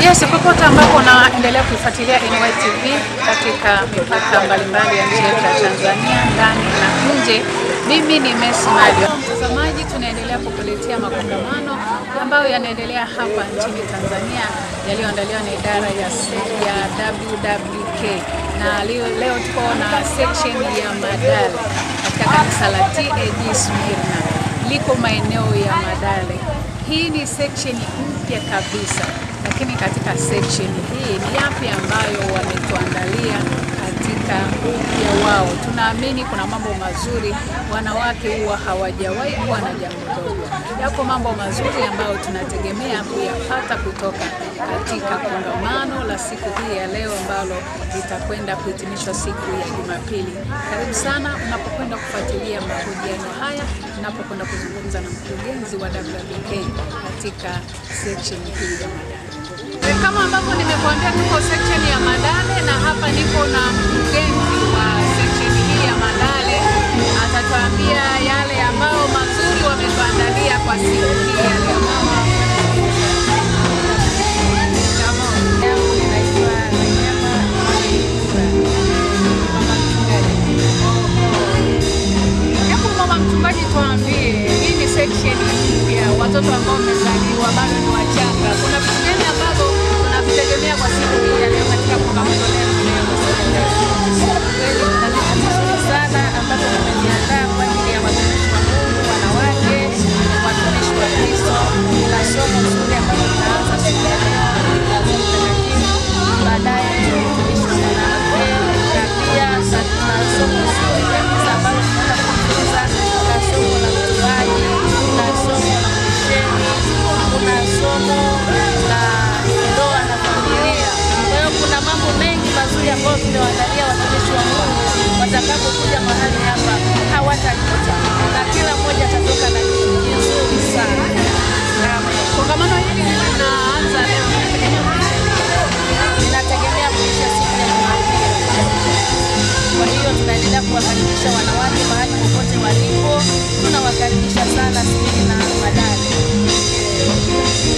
Yes, popote ambapo unaendelea kuifuatilia NY TV katika mipaka mbalimbali ya nchi yetu ya Tanzania ndani na nje. Mimi ni Messi Mario. Mtazamaji, tunaendelea kukuletea makongamano ambayo yanaendelea hapa nchini Tanzania yaliyoandaliwa na idara ya ya WWK na leo, leo tuko na section ya Madale katika kanisa la TAG Smyrna liko maeneo ya Madale. Hii ni section mpya kabisa, lakini katika section hii ni yapi ambayo wametuandalia katika upya wao? Tunaamini kuna mambo mazuri, wanawake huwa hawajawahi kuwa na jambo yako mambo mazuri ambayo tunategemea kuyapata kutoka katika kongamano la siku hii ya leo ambalo litakwenda kuhitimishwa siku ya Jumapili. Karibu sana unapokwenda kufuatilia mahojiano haya, unapokwenda kuzungumza na mkurugenzi wa WWK katika section hii ya Madale. Kama ambavyo nimekuambia, tuko section ya Madale na hapa niko na mkurugenzi wa section hii ya Madale atatuambia hii ni section ya watoto ambao wamezaliwa bado ni wachanga. Kuna vitu gani ambavyo ambayo tumewaandalia watumishi wa Mungu watakapokuja mahali hapa hawatajuta, na kila mmoja atatoka na kitu kizuri sana. Kongamano hili linaanza leo, linategemea kuisha siku ya Jumapili. Kwa hiyo tunaendelea kuwakaribisha wanawake mahali popote walipo, tunawakaribisha sana Sibili na Badala.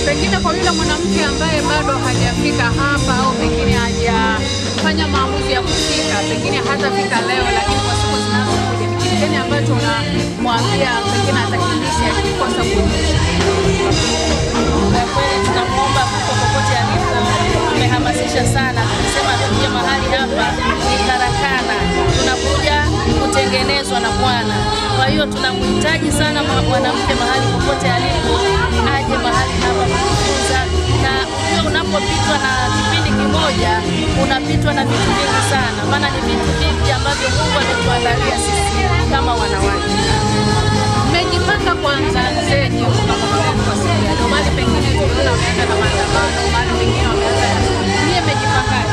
Pengine kwa yule mwanamke ambaye bado hajafika hapa au pengine haja kufanya maamuzi ya kufika, pengine hatafika leo, lakini kwa siku zinazokuja, ni kitu gani ambacho unamwambia pengine atakimbisha kwa sababu sana. Tunasema tukuja mahali hapa ni karakana, tunakuja kutengenezwa na Bwana. Kwa hiyo tunamhitaji sana mwanamke mahali popote alipo, aje mahali hapa kujifunza unajua unapopitwa na kipindi kimoja unapitwa na vitu vingi sana, maana ni vitu vingi ambavyo Mungu ametuandalia sisi kama wanawake. Mmejipanga kwanza zenu mali pengine tunaona wameenda na maandamano, mali pengine wameanza. Mmejipanga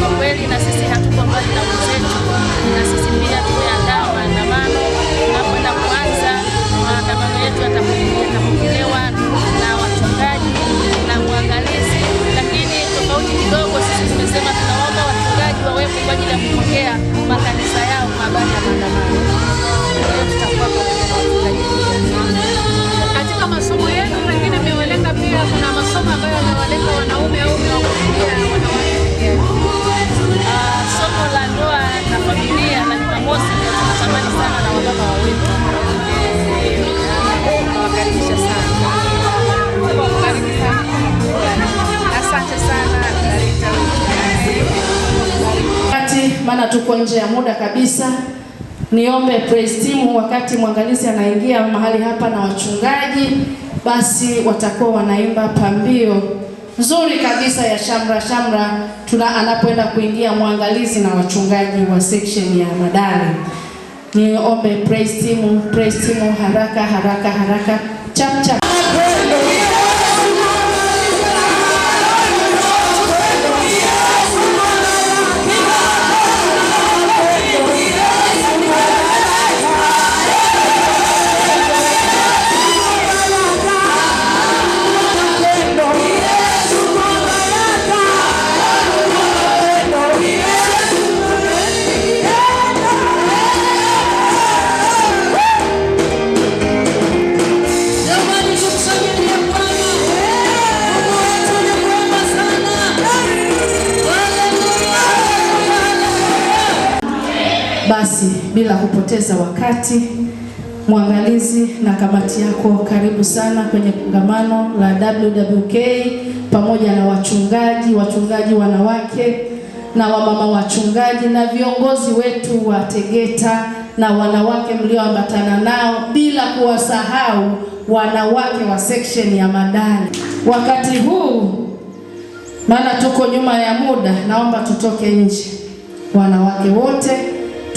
kwa kweli, na sisi hatuko mbali na wenzetu. tumesema tunaomba wachungaji wawepo kwa ajili ya kupokea makanisa yao. nje ya muda kabisa. Niombe praise team, wakati mwangalizi anaingia mahali hapa na wachungaji, basi watakuwa wanaimba pambio nzuri kabisa ya shamra shamra tuna anapoenda kuingia mwangalizi na wachungaji wa section ya madani. Niombe praise team, praise team, haraka haraka haraka, chap chap. bila kupoteza wakati. Mwangalizi na kamati yako, karibu sana kwenye kongamano la WWK pamoja na wachungaji, wachungaji wanawake na wamama wachungaji na viongozi wetu wa Tegeta na wanawake mlioambatana nao, bila kuwasahau wanawake wa section ya Madani. Wakati huu maana tuko nyuma ya muda, naomba tutoke nje wanawake wote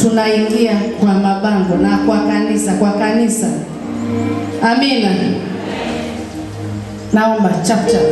tunaingia kwa mabango na kwa kanisa, kwa kanisa. Amina, naomba chapchap.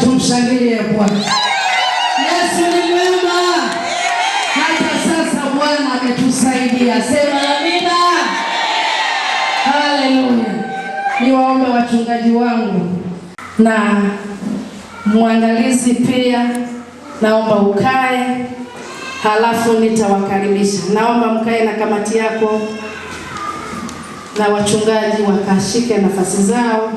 tumshangilie Bwana. Yesu ni mwema, hata sasa Bwana ametusaidia. Sema amina, haleluya. Ni waombe wachungaji wangu na mwandalizi pia, naomba ukae, halafu nitawakaribisha. Naomba mkae na kamati yako na wachungaji wakashike nafasi zao.